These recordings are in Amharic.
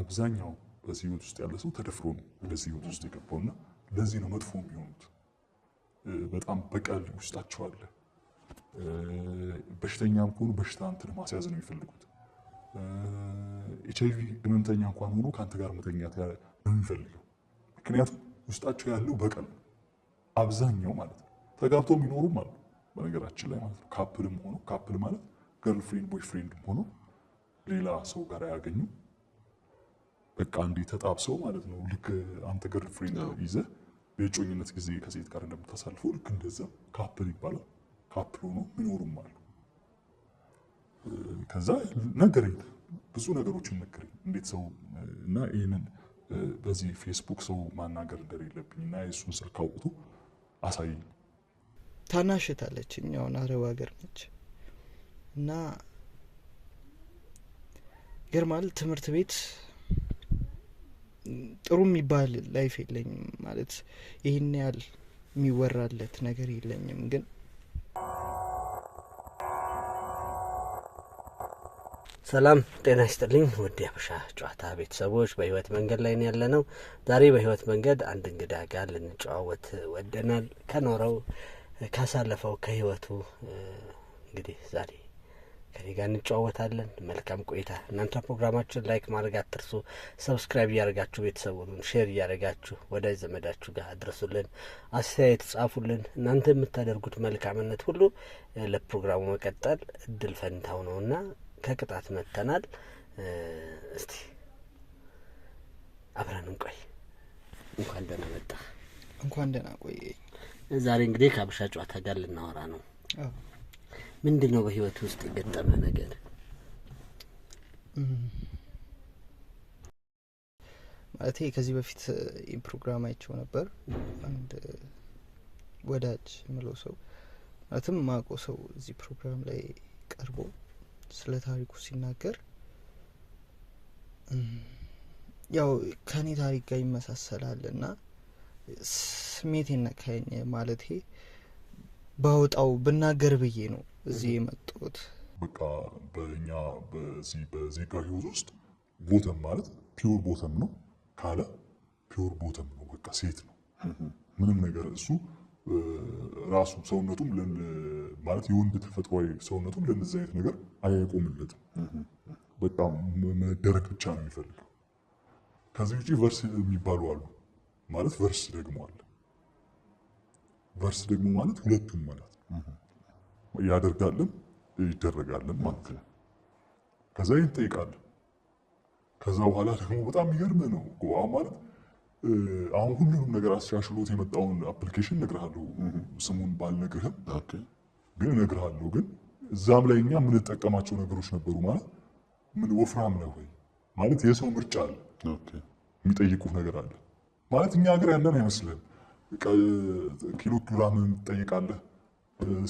አብዛኛው በዚህ ህይወት ውስጥ ያለ ሰው ተደፍሮ ነው ወደዚህ ህይወት ውስጥ የገባውና ለዚህ ነው መጥፎ የሚሆኑት። በጣም በቀል ውስጣቸው አለ። በሽተኛም ከሆኑ በሽታ እንትን ማስያዝ ነው የሚፈልጉት። ኤች አይቪ ህመምተኛ እንኳን ሆኖ ከአንተ ጋር መተኛት ነው የሚፈልገው። ምክንያቱም ውስጣቸው ያለው በቀል አብዛኛው ማለት ነው። ተጋብተው የሚኖሩም አሉ በነገራችን ላይ ማለት ነው። ካፕልም ሆኖ ካፕል ማለት ገርልፍሬንድ ቦይፍሬንድም ሆኖ ሌላ ሰው ጋር አያገኙም በቃ አንዴ ተጣብሰው ማለት ነው። ልክ አንተ ገርል ፍሬንድ ይዘ የእጮኝነት ጊዜ ከሴት ጋር እንደምታሳልፈው ልክ እንደዛ ካፕል ይባላል። ካፕል ሆኖ ሚኖሩም አሉ። ከዛ ነገረኝ፣ ብዙ ነገሮችን ነገር እንዴት ሰው እና ይህንን በዚህ ፌስቡክ ሰው ማናገር እንደሌለብኝ እና የእሱን ስልክ አውጥቶ አሳየኝ። ታናሽት እኛውን አረብ ሀገር ነች እና ይገርማል ትምህርት ቤት ጥሩ የሚባል ላይፍ የለኝም ማለት ይህን ያህል የሚወራለት ነገር የለኝም ግን ሰላም ጤና ይስጥልኝ ውድ የሀበሻ ጨዋታ ቤተሰቦች፣ በህይወት መንገድ ላይ ያለ ነው። ዛሬ በህይወት መንገድ አንድ እንግዳ ጋር ልንጨዋወት ወደናል። ከኖረው ካሳለፈው ከህይወቱ እንግዲህ ዛሬ ከኔ ጋር እንጨዋወታለን። መልካም ቆይታ። እናንተ ፕሮግራማችን ላይክ ማድረግ አትርሱ። ሰብስክራይብ እያደረጋችሁ ቤተሰቡን ሼር እያደረጋችሁ ወዳጅ ዘመዳችሁ ጋር አድረሱልን። አስተያየት ጻፉልን። እናንተ የምታደርጉት መልካምነት ሁሉ ለፕሮግራሙ መቀጠል እድል ፈንታው እና ከቅጣት መጥተናል። እስቲ አብረን እንቆይ። እንኳን ደህና መጣ። እንኳን ደህና ቆየ። ዛሬ እንግዲህ ከሀበሻ ጨዋታ ጋር ልናወራ ነው። ምንድን ነው በህይወት ውስጥ የገጠመ ነገር? ማለት ከዚህ በፊት ፕሮግራም አይቸው ነበር። አንድ ወዳጅ ምለው ሰው ማለትም ማቆ ሰው እዚህ ፕሮግራም ላይ ቀርቦ ስለ ታሪኩ ሲናገር ያው ከኔ ታሪክ ጋር ይመሳሰላል እና ስሜቴ ነካኝ። ማለቴ ባወጣው ብናገር ብዬ ነው እዚህ የመጡት በቃ በእኛ በዚህ በዜጋ ህይወት ውስጥ ቦተም ማለት ፒዮር ቦተም ነው ካለ ፒዮር ቦተም ነው። በቃ ሴት ነው ምንም ነገር እሱ ራሱ ሰውነቱም ማለት የወንድ ተፈጥሯዊ ሰውነቱም ለነዚ አይነት ነገር አያቆምለትም። በጣም መደረግ ብቻ ነው የሚፈልገው። ከዚህ ውጭ ቨርስ የሚባሉ አሉ። ማለት ቨርስ ደግሞ አለ። ቨርስ ደግሞ ማለት ሁለቱም ማለት ያደርጋልን ይደረጋልን ማለት ነው። ከዛ ይህን ከዛ በኋላ ደግሞ በጣም የሚገርም ነው ጎዋ ማለት አሁን ሁሉንም ነገር አስሻሽሎት የመጣውን አፕሊኬሽን እነግርሃለሁ። ስሙን ባልነግርህም ግን እነግርሃለሁ። ግን እዛም ላይ እኛ የምንጠቀማቸው ነገሮች ነበሩ። ማለት ምን ወፍራም ነው ወይ ማለት የሰው ምርጫ አለ፣ የሚጠይቁህ ነገር አለ። ማለት እኛ ሀገር ያለን አይመስልህም። ኪሎ ግራም ትጠይቃለህ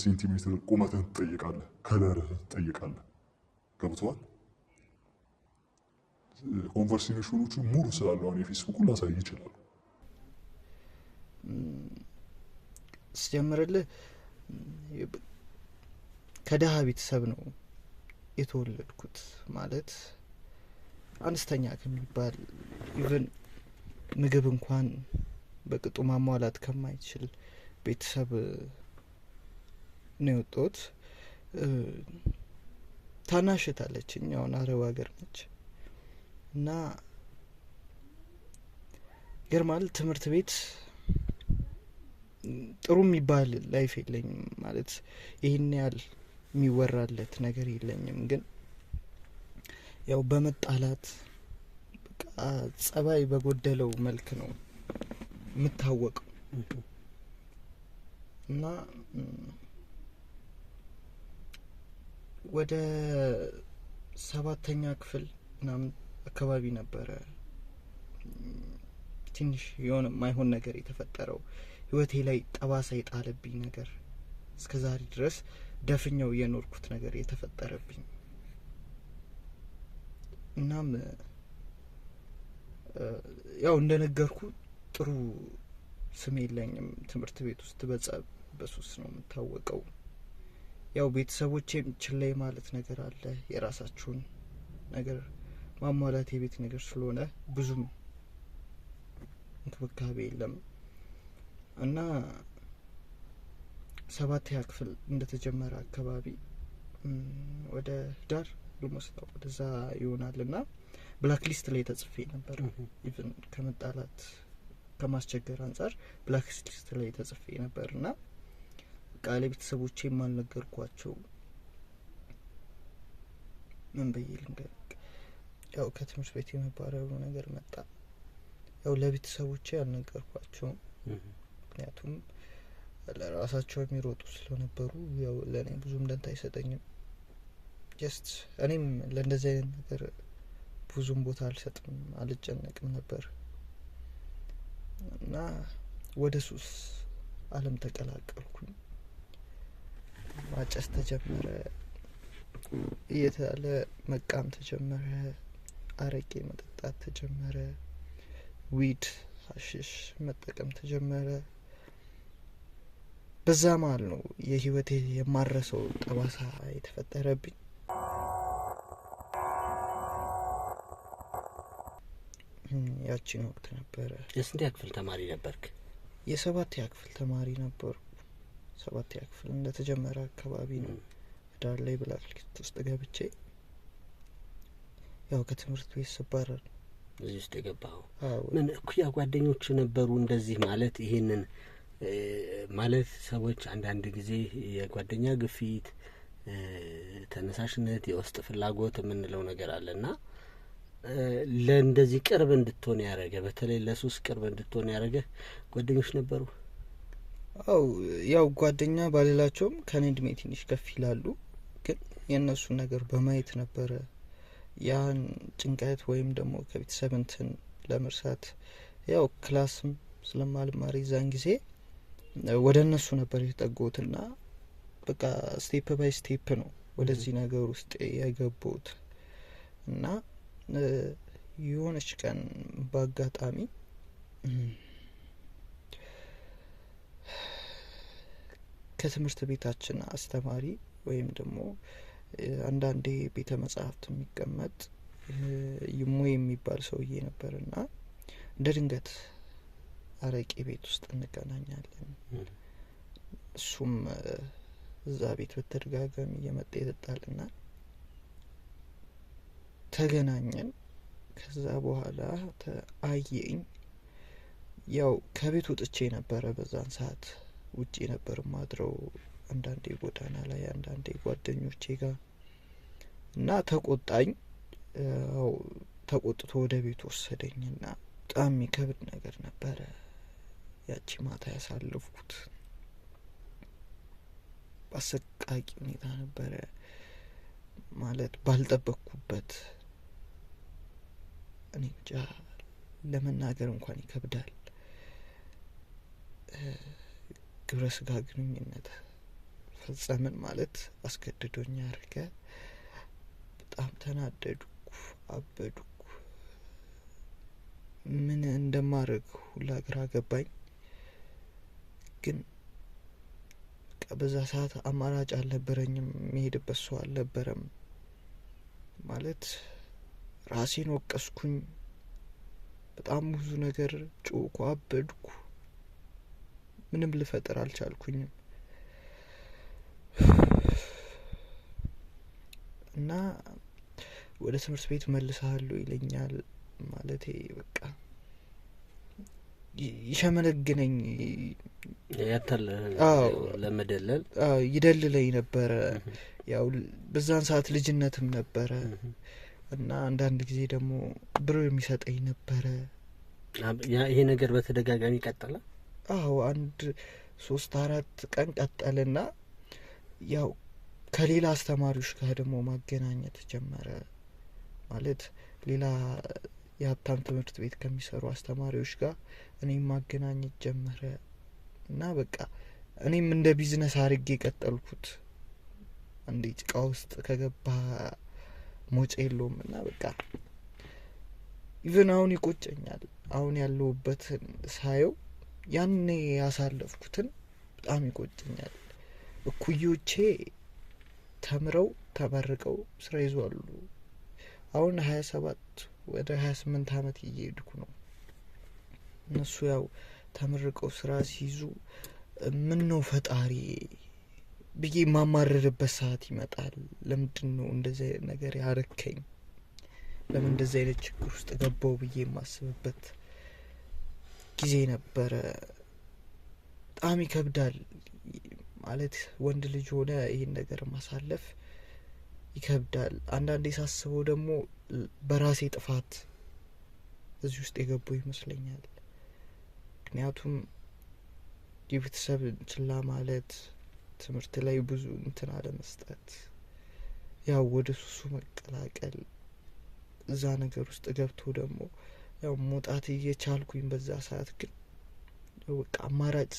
ሴንቲሜትር ቁመትህን ትጠይቃለህ፣ ከለርህን ትጠይቃለህ። ገብተዋል። ኮንቨርሴሽኖቹ ሙሉ ስላሉ አሁን የፌስቡኩን ላሳይ ይችላሉ። ስጀምርልህ ከደሃ ቤተሰብ ነው የተወለድኩት። ማለት አነስተኛ ከሚባል ኢቨን ምግብ እንኳን በቅጡ ማሟላት ከማይችል ቤተሰብ ነው የወጣሁት። ታናሽታለች አለችኝ። አረብ ሀገር ነች እና ይገርማል። ትምህርት ቤት ጥሩ የሚባል ላይፍ የለኝም ማለት ይህን ያህል የሚወራለት ነገር የለኝም። ግን ያው በመጣላት በቃ ጸባይ በጎደለው መልክ ነው የምታወቀው እና ወደ ሰባተኛ ክፍል ምናምን አካባቢ ነበረ ትንሽ የሆነ ማይሆን ነገር የተፈጠረው ህይወቴ ላይ ጠባሳ የጣለብኝ ነገር እስከ ዛሬ ድረስ ደፍኛው የኖርኩት ነገር የተፈጠረብኝ። እናም ያው እንደነገርኩ ጥሩ ስም የለኝም ትምህርት ቤት ውስጥ በጸብ በሱስ ነው የምታወቀው። ያው ቤተሰቦቼም ችላይ ማለት ነገር አለ። የራሳችሁን ነገር ማሟላት የቤት ነገር ስለሆነ ብዙም እንክብካቤ የለም እና ሰባተኛ ክፍል እንደተጀመረ አካባቢ ወደ ዳር ልመስጠው ወደዛ ይሆናል ና ብላክ ሊስት ላይ ተጽፌ ነበር። ኢቭን ከመጣላት ከማስቸገር አንጻር ብላክ ሊስት ላይ ተጽፌ ነበር እና ቃለ ቤተሰቦቼም አልነገርኳቸው። ምን ብዬ ልንገር? ያው ከትምህርት ቤት የመባረሩ ነገር መጣ። ያው ለቤተሰቦቼ አልነገርኳቸውም፣ ምክንያቱም ለራሳቸው የሚሮጡ ስለነበሩ ያው ለእኔ ብዙም ደንታ አይሰጠኝም። ጀስት እኔም ለእንደዚህ አይነት ነገር ብዙም ቦታ አልሰጥም፣ አልጨነቅም ነበር እና ወደ ሱስ አለም ተቀላቀልኩኝ። ማጨስ ተጀመረ፣ እየተባለ መቃም ተጀመረ፣ አረቄ መጠጣት ተጀመረ፣ ዊድ ሀሽሽ መጠቀም ተጀመረ። በዛ መሀል ነው የህይወቴ የማረሰው ጠባሳ የተፈጠረብኝ። ያቺን ወቅት ነበረ። የስንት ክፍል ተማሪ ነበርክ? የሰባት ክፍል ተማሪ ነበርኩ። ሰባተኛ ክፍል እንደተጀመረ አካባቢ ነው ዳር ላይ ብላ ውስጥ ገብቼ ያው ከትምህርት ቤት ስባረር እዚህ ውስጥ የገባው ምን እኩያ ጓደኞች ነበሩ እንደዚህ ማለት ይሄንን ማለት ሰዎች አንዳንድ ጊዜ የጓደኛ ግፊት፣ ተነሳሽነት፣ የውስጥ ፍላጎት የምንለው ነገር አለ ና ለእንደዚህ ቅርብ እንድትሆን ያደረገ በተለይ ለሱስ ቅርብ እንድትሆን ያደረገ ጓደኞች ነበሩ። አው ያው ጓደኛ ባልላቸውም ከኔ እድሜ ትንሽ ከፍ ይላሉ። ግን የእነሱን ነገር በማየት ነበረ ያን ጭንቀት ወይም ደግሞ ከቤተሰብ እንትን ለመርሳት ያው ክላስም ስለማልማሪ ዛን ጊዜ ወደ እነሱ ነበር የተጠጉትና በቃ ስቴፕ ባይ ስቴፕ ነው ወደዚህ ነገር ውስጥ የገቡት እና የሆነች ቀን በአጋጣሚ ከትምህርት ቤታችን አስተማሪ ወይም ደግሞ አንዳንዴ ቤተ መጽሀፍት የሚቀመጥ ይሞ የሚባል ሰውዬ ነበር እና እንደ ድንገት አረቄ ቤት ውስጥ እንገናኛለን። እሱም እዛ ቤት በተደጋጋሚ እየመጣ ይጠጣልናል። ተገናኘን። ከዛ በኋላ አየኝ። ያው ከቤት ውጥቼ ነበረ በዛን ሰዓት ውጪ ነበር ማድረው አንዳንዴ ጎዳና ላይ አንዳንዴ ጓደኞቼ ጋር እና ተቆጣኝ። ው ተቆጥቶ ወደ ቤት ና በጣም የሚከብድ ነገር ነበረ ያቺ ማታ ያሳለፍኩት። አሰቃቂ ሁኔታ ነበረ ማለት ባልጠበቅኩበት። እኔ ለመናገር እንኳን ይከብዳል። ግብረ ስጋ ግንኙነት ፈጸምን ማለት አስገድዶኝ አድርገ በጣም ተናደድኩ፣ አበድኩ። ምን እንደማድረግ ሁላ ግራ ገባኝ። ግን በዛ ሰዓት አማራጭ አልነበረኝም። የሚሄድበት ሰው አልነበረም። ማለት ራሴን ወቀስኩኝ። በጣም ብዙ ነገር ጮኩ፣ አበድኩ። ምንም ልፈጥር አልቻልኩኝም እና ወደ ትምህርት ቤት መልሳሉ ይለኛል ማለት በቃ ይሸመለግነኝ ለመደለል ይደልለኝ ነበረ ያው በዛን ሰዓት ልጅነትም ነበረ እና አንዳንድ ጊዜ ደግሞ ብር የሚሰጠኝ ነበረ ይሄ ነገር በተደጋጋሚ ይቀጥላል አዎ አንድ ሶስት አራት ቀን ቀጠልና ያው ከሌላ አስተማሪዎች ጋር ደግሞ ማገናኘት ጀመረ። ማለት ሌላ የሀብታም ትምህርት ቤት ከሚሰሩ አስተማሪዎች ጋር እኔም ማገናኘት ጀመረ እና በቃ እኔም እንደ ቢዝነስ አድርጌ የቀጠልኩት አንዴ ጭቃ ውስጥ ከገባ ሞጭ የለውም እና በቃ ኢቨን አሁን ይቆጨኛል። አሁን ያለሁበትን ሳየው ያኔ ያሳለፍኩትን በጣም ይቆጭኛል። እኩዮቼ ተምረው ተመርቀው ስራ ይዟሉ። አሁን ሀያ ሰባት ወደ ሀያ ስምንት አመት እየሄድኩ ነው። እነሱ ያው ተመርቀው ስራ ሲይዙ ምን ነው ፈጣሪ ብዬ የማማረርበት ሰዓት ይመጣል። ለምንድን ነው እንደዚህ ነገር ያረከኝ? ለምን እንደዚህ አይነት ችግር ውስጥ ገባው ብዬ የማስብበት ጊዜ ነበረ። በጣም ይከብዳል ማለት ወንድ ልጅ ሆነ ይህን ነገር ማሳለፍ ይከብዳል። አንዳንዴ ሳስበው ደግሞ በራሴ ጥፋት እዚህ ውስጥ የገባው ይመስለኛል። ምክንያቱም የቤተሰብ ችላ ማለት፣ ትምህርት ላይ ብዙ እንትን አለመስጠት፣ ያው ወደ ሱሱ መቀላቀል፣ እዛ ነገር ውስጥ ገብቶ ደግሞ ያው መውጣት እየቻልኩኝ በዛ ሰዓት ግን በቃ አማራጭ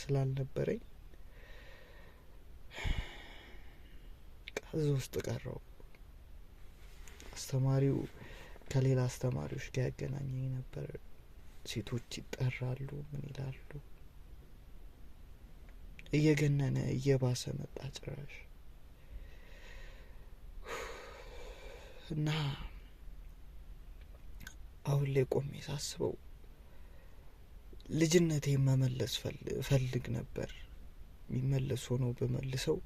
ስላልነበረኝ ከዚ ውስጥ ቀረው። አስተማሪው ከሌላ አስተማሪዎች ጋር ያገናኘኝ ነበር። ሴቶች ይጠራሉ፣ ምን ይላሉ። እየገነነ እየባሰ መጣ ጭራሽ እና አሁን ላይ ቆሜ ሳስበው ልጅነቴ መመለስ ፈልግ ነበር። የሚመለስ ሆኖ በመልሰው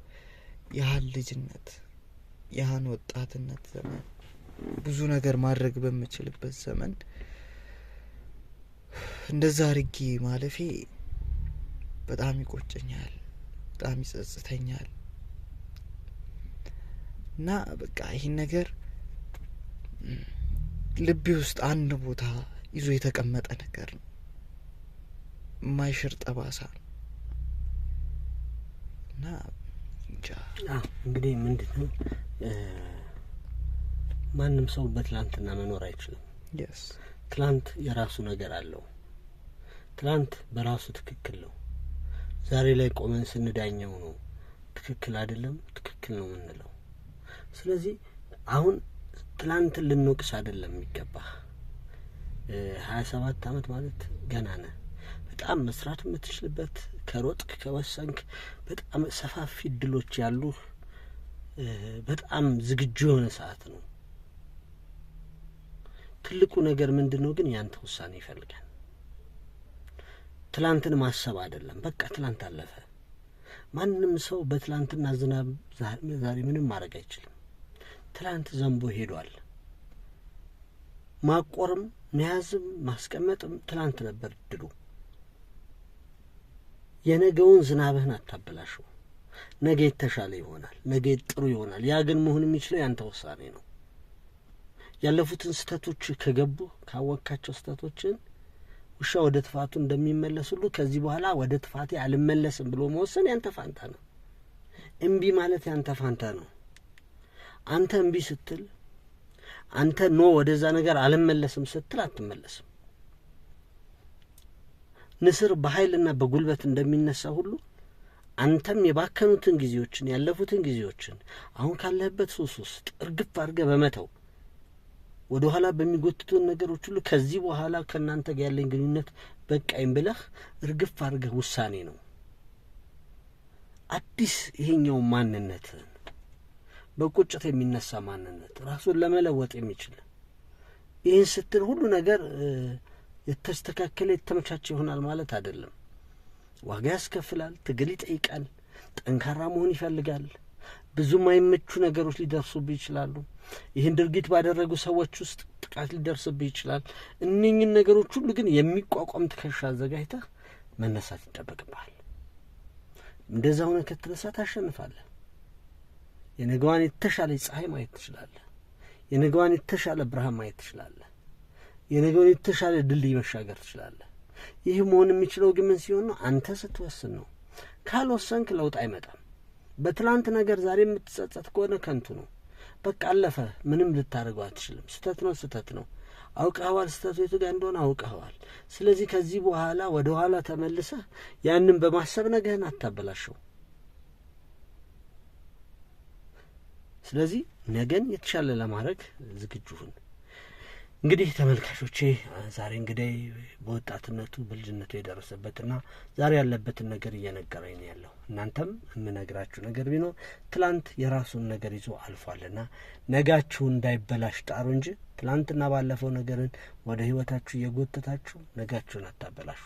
ያህን ልጅነት ያህን ወጣትነት ዘመን ብዙ ነገር ማድረግ በምችልበት ዘመን እንደዛ አርጌ ማለፌ በጣም ይቆጨኛል፣ በጣም ይጸጽተኛል። እና በቃ ይህን ነገር ልቤ ውስጥ አንድ ቦታ ይዞ የተቀመጠ ነገር ነው። ማይሽር ጠባሳ ነው እና እንግዲህ ምንድን ነው ማንም ሰው በትላንትና መኖር አይችልም። ትላንት የራሱ ነገር አለው። ትላንት በራሱ ትክክል ነው። ዛሬ ላይ ቆመን ስንዳኘው ነው ትክክል አይደለም፣ ትክክል ነው የምንለው። ስለዚህ አሁን ትላንት ልንወቅስ አይደለም የሚገባ ሀያ ሰባት አመት ማለት ገና ነ በጣም መስራት የምትችልበት ከሮጥክ ከወሰንክ በጣም ሰፋፊ እድሎች ያሉ በጣም ዝግጁ የሆነ ሰዓት ነው። ትልቁ ነገር ምንድን ነው ግን ያንተ ውሳኔ ይፈልጋል። ትላንትን ማሰብ አይደለም። በቃ ትላንት አለፈ። ማንም ሰው በትላንትና ዝናብ ዛሬ ምንም ማድረግ አይችልም። ትላንት ዘንቦ ሄዷል። ማቆርም መያዝም ማስቀመጥም ትላንት ነበር ድሉ። የነገውን ዝናብህን አታበላሸው። ነገ የተሻለ ይሆናል፣ ነገ ጥሩ ይሆናል። ያ ግን መሆን የሚችለው ያንተ ውሳኔ ነው። ያለፉትን ስህተቶች ከገቡ ካወቅካቸው ስህተቶችን ውሻ ወደ ትፋቱ እንደሚመለስ ሁሉ ከዚህ በኋላ ወደ ትፋቴ አልመለስም ብሎ መወሰን ያንተ ፋንታ ነው። እምቢ ማለት ያንተ ፋንታ ነው። አንተ እምቢ ስትል አንተ ኖ ወደዛ ነገር አልመለስም ስትል አትመለስም። ንስር በኃይልና በጉልበት እንደሚነሳ ሁሉ አንተም የባከኑትን ጊዜዎችን ያለፉትን ጊዜዎችን አሁን ካለህበት ሱስ ውስጥ እርግፍ አድርገህ በመተው ወደ ኋላ በሚጎትቱን ነገሮች ሁሉ ከዚህ በኋላ ከእናንተ ጋር ያለኝ ግንኙነት በቃኝ ብለህ እርግፍ አድርገህ ውሳኔ ነው አዲስ ይሄኛው ማንነትህን በቁጭት የሚነሳ ማንነት ራሱን ለመለወጥ የሚችል ይህን ስትል ሁሉ ነገር የተስተካከለ የተመቻቸ ይሆናል ማለት አይደለም። ዋጋ ያስከፍላል፣ ትግል ይጠይቃል፣ ጠንካራ መሆን ይፈልጋል። ብዙ ማይመቹ ነገሮች ሊደርሱብህ ይችላሉ። ይህን ድርጊት ባደረጉ ሰዎች ውስጥ ጥቃት ሊደርስብህ ይችላል። እነኝን ነገሮች ሁሉ ግን የሚቋቋም ትከሻ አዘጋጅተህ መነሳት ይጠበቅብሃል። እንደዛ ሆነ ከትነሳ ታሸንፋለህ። የነገዋን የተሻለ ፀሐይ ማየት ትችላለህ። የነገዋን የተሻለ ብርሃን ማየት ትችላለህ። የነገዋን የተሻለ ድልድይ መሻገር ትችላለህ። ይህ መሆን የሚችለው ግን ምን ሲሆን ነው? አንተ ስትወስን ነው። ካልወሰንክ ለውጥ አይመጣም። በትላንት ነገር ዛሬ የምትጸጸት ከሆነ ከንቱ ነው። በቃ አለፈ። ምንም ልታደርገው አትችልም። ስህተት ነው፣ ስህተት ነው። አውቀኸዋል። ስህተቱ የቱ ጋር እንደሆነ አውቀኸዋል። ስለዚህ ከዚህ በኋላ ወደ ኋላ ተመልሰህ ያንን በማሰብ ነገህን አታበላሸው። ስለዚህ ነገን የተሻለ ለማድረግ ዝግጁ ሁን። እንግዲህ ተመልካቾቼ ዛሬ እንግዲህ በወጣትነቱ ብልጅነቱ የደረሰበትና ዛሬ ያለበትን ነገር እየነገረኝ ነው ያለው። እናንተም የምነግራችሁ ነገር ቢኖር ትላንት የራሱን ነገር ይዞ አልፏልና ነጋችሁ እንዳይበላሽ ጣሩ እንጂ ትላንትና ባለፈው ነገርን ወደ ህይወታችሁ እየጎተታችሁ ነጋችሁን አታበላሹ።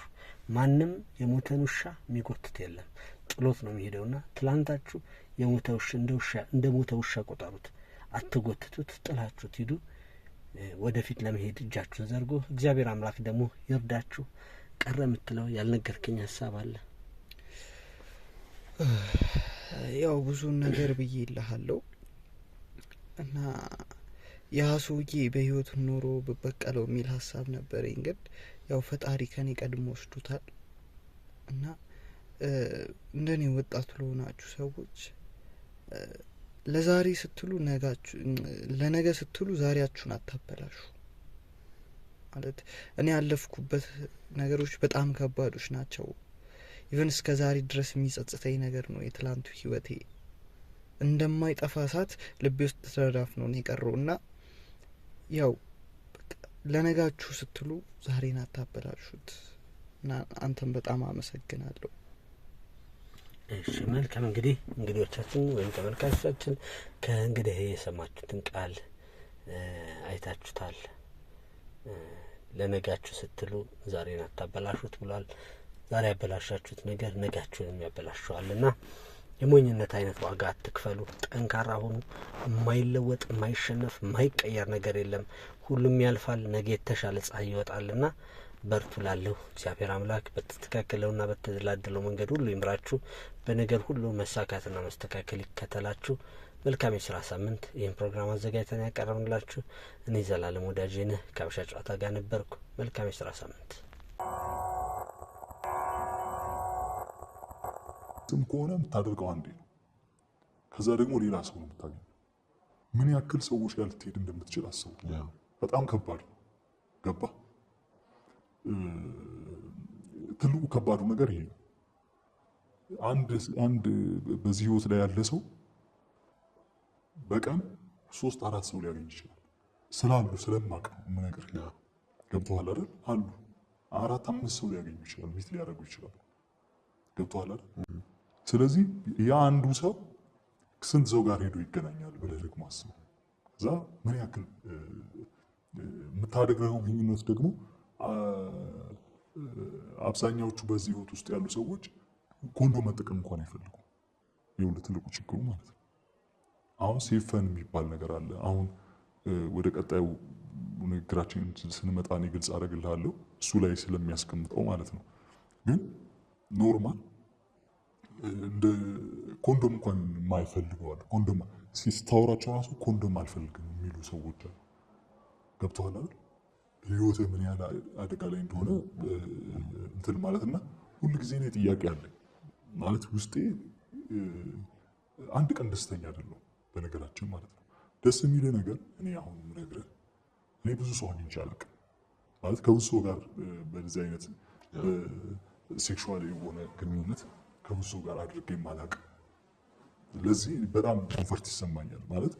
ማንም የሞተን ውሻ የሚጎትት የለም ጥሎት ነው የሚሄደውና ትላንታችሁ የሞተ ውሻ እንደ ውሻ እንደ ሞተ ውሻ ቆጠሩት፣ አትጎትቱት፣ ጥላችሁት ሂዱ። ወደፊት ለመሄድ እጃችሁን ዘርጎ እግዚአብሔር አምላክ ደግሞ ይርዳችሁ። ቀረ የምትለው ያልነገርከኝ ሀሳብ አለ? ያው ብዙ ነገር ብዬ ይልሃለሁ እና ያ ሰውዬ በህይወት ኖሮ ብበቀለው የሚል ሀሳብ ነበረኝ። ግን ያው ፈጣሪ ከኔ ቀድሞ ወስዱታል እና እንደኔ ወጣት ለሆናችሁ ሰዎች ለዛሬ ስትሉ ለነገ ስትሉ ዛሬያችሁን አታበላሹ። ማለት እኔ ያለፍኩበት ነገሮች በጣም ከባዶች ናቸው። ኢቨን እስከ ዛሬ ድረስ የሚጸጽተኝ ነገር ነው የትላንቱ ህይወቴ እንደማይጠፋ ሳት ልቤ ውስጥ ተረዳፍ ነው የቀረው እና ያው ለነጋችሁ ስትሉ ዛሬን አታበላሹት እና አንተም በጣም አመሰግናለሁ። እሺ መልካም እንግዲህ እንግዶቻችን ወይም ተመልካቾቻችን ከእንግዲህ የሰማችሁትን ቃል አይታችሁታል። ለነጋችሁ ስትሉ ዛሬን አታበላሹት ብሏል። ዛሬ ያበላሻችሁት ነገር ነጋችሁንም ያበላሸዋልና የሞኝነት አይነት ዋጋ አትክፈሉ። ጠንካራ ሁኑ። የማይለወጥ የማይሸነፍ የማይቀየር ነገር የለም። ሁሉም ያልፋል። ነገ የተሻለ ፀሐይ ይወጣልና በርቱ ላለሁ እግዚአብሔር አምላክ በተስተካከለውና በተደላደለው መንገድ ሁሉ ይምራችሁ። በነገር ሁሉ መሳካትና መስተካከል ይከተላችሁ። መልካም የስራ ሳምንት። ይህን ፕሮግራም አዘጋጅተን ያቀረብንላችሁ እኔ ዘላለም ወዳጅ ነህ ከሀበሻ ጨዋታ ጋር ነበርኩ። መልካም የስራ ሳምንት ትም ከሆነ የምታደርገው አንዴ ነው። ከዛ ደግሞ ሌላ ሰው ነው የምታገኘው። ምን ያክል ሰዎች ጋር ልትሄድ እንደምትችል አስቡ። በጣም ከባድ ነው። ገባ ትልቁ ከባዱ ነገር ይሄ ነው። አንድ በዚህ ህይወት ላይ ያለ ሰው በቀን ሶስት አራት ሰው ሊያገኝ ይችላል። ስላሉ ስለማቅ ነው የምነግር። አይደል? አሉ አራት አምስት ሰው ሊያገኙ ይችላል፣ ሚት ሊያደርጉ ይችላሉ። ገብቶሃል አይደል? ስለዚህ የአንዱ ሰው ስንት ሰው ጋር ሄዶ ይገናኛል ብለህ ደግሞ አስበው። እዛ ምን ያክል የምታደርገው ግንኙነት ደግሞ አብዛኛዎቹ በዚህ ህይወት ውስጥ ያሉ ሰዎች ጎንዶ መጠቀም እንኳን አይፈልጉም። ይኸውልህ ትልቁ ችግሩ ማለት ነው። አሁን ሴፈን የሚባል ነገር አለ። አሁን ወደ ቀጣዩ ንግግራችን ስንመጣ እኔ ግልጽ አደርግልሃለሁ እሱ ላይ ስለሚያስቀምጠው ማለት ነው። ግን ኖርማል እንደ ኮንዶም እንኳን የማይፈልገዋል ኮንዶም ስታወራቸው ራሱ ኮንዶም አልፈልግም የሚሉ ሰዎች አሉ። ገብተዋል አይደል? ህይወት ምን ያህል አደጋ ላይ እንደሆነ እንትን ማለት እና ጊዜ ነው ጥያቄ አለኝ ማለት ውስጤ አንድ ቀን ደስተኛ አይደለሁም በነገራችን ማለት ነው። ደስ የሚል ነገር እኔ አሁን ምነግርህ እኔ ብዙ ሰው አግኝቼ አላውቅም ማለት ከብዙ ሰው ጋር በዚህ አይነት ሴክሹዋል የሆነ ግንኙነት ከብሱ ጋር አድርጌ ማላቅ። ለዚህ በጣም ኮንፈርት ይሰማኛል ማለት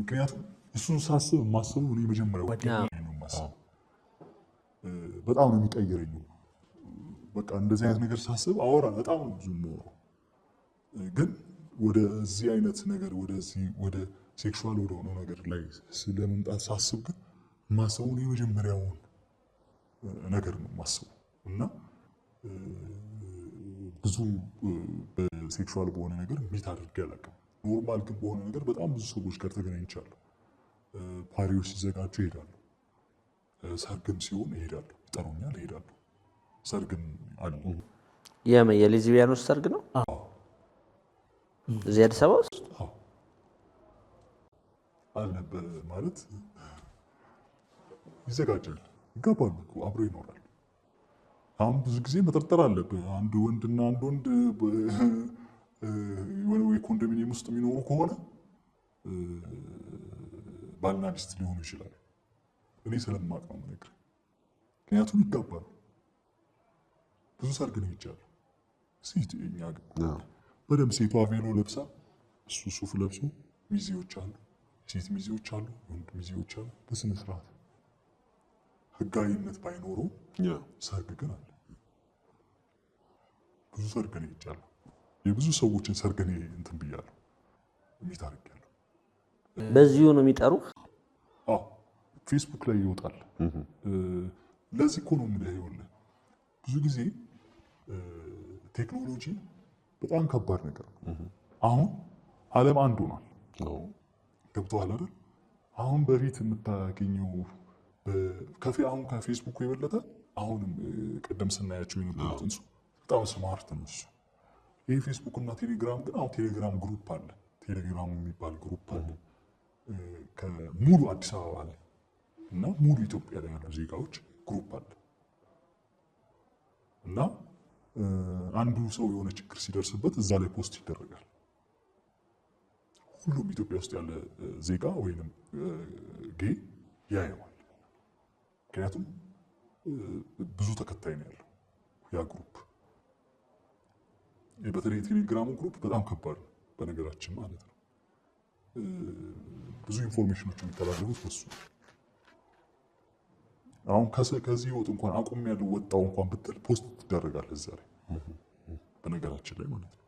ምክንያቱም እሱን ሳስብ ማስቡ እኔ መጀመሪያ ነው ማስብ በጣም ነው የሚቀይረኝ። በቃ እንደዚህ አይነት ነገር ሳስብ አወራ በጣም ብዙ የማወራው ግን ወደዚህ አይነት ነገር ወደዚህ ወደ ሴክሹዋል ሆነው ነገር ላይ ስለመምጣት ሳስብ ግን ማስበውን የመጀመሪያውን ነገር ነው ማስቡ እና ብዙ በሴክሹዋል በሆነ ነገር ሚት አድርጌ አላውቅም። ኖርማል ግን በሆነ ነገር በጣም ብዙ ሰዎች ጋር ተገናኝቻለሁ። ፓሪዎች ሲዘጋጁ ይሄዳሉ። ሰርግም ሲሆን ይሄዳሉ፣ ይጠሩኛል፣ ይሄዳሉ። ሰርግም አሉ። የሌዝቢያኖች ሰርግ ነው እዚህ አዲስ አበባ ውስጥ አልነበ ማለት ይዘጋጃል፣ ይገባሉ፣ አብሮ ይኖራል አሁን ብዙ ጊዜ መጠርጠር አለብህ። አንድ ወንድና አንድ ወንድ ወይ ኮንዶሚኒየም ውስጥ የሚኖሩ ከሆነ ባልና ሚስት ሊሆኑ ይችላሉ። እኔ ስለማቅ ነው የምነግርህ። ምክንያቱም ይጋባሉ። ብዙ ሰርግ ነው ይቻሉ ሴት እኛ በደምብ ሴቷ ቬሎ ለብሳ እሱ ሱፍ ለብሶ ሚዜዎች አሉ፣ ሴት ሚዜዎች አሉ፣ ወንድ ሚዜዎች አሉ። በስነስርዓት ህጋዊነት ባይኖረው ሰርግ ግን አለ። ብዙ ሰርግ እኔ ሄጃለሁ። የብዙ ሰዎችን ሰርግ እኔ እንትን ብያለሁ። ሚት አድርጌያለሁ። በዚሁ ነው የሚጠሩ ፌስቡክ ላይ ይወጣል። ለዚህ እኮ ነው የምልህ። ይኸውልህ ብዙ ጊዜ ቴክኖሎጂ በጣም ከባድ ነገር ነው። አሁን አለም አንዱ ሆኗል። ገብቶሃል አይደል? አሁን በፊት የምታገኘው አሁን ከፌስቡክ የበለጠ አሁንም ቅድም ስናያቸው የነበሩትን በጣም ስማርት ነው ይህ ፌስቡክ እና ቴሌግራም ግን አሁን ቴሌግራም ግሩፕ አለ፣ ቴሌግራም የሚባል ግሩፕ አለ ከሙሉ አዲስ አበባ ላይ እና ሙሉ ኢትዮጵያ ላይ ያሉ ዜጋዎች ግሩፕ አለ እና አንዱ ሰው የሆነ ችግር ሲደርስበት እዛ ላይ ፖስት ይደረጋል። ሁሉም ኢትዮጵያ ውስጥ ያለ ዜጋ ወይንም ጌ ያየዋል። ምክንያቱም ብዙ ተከታይ ነው ያለው ያ ግሩፕ በተለይ የቴሌግራሙ ግሩፕ በጣም ከባድ ነው፣ በነገራችን ማለት ነው። ብዙ ኢንፎርሜሽኖች የሚተላለፉት በሱ አሁን ከዚህ ወጥ እንኳን አቁም ያለው ወጣው እንኳን ብትል ፖስት ትደረጋለህ እዛ ላይ በነገራችን ላይ ማለት ነው።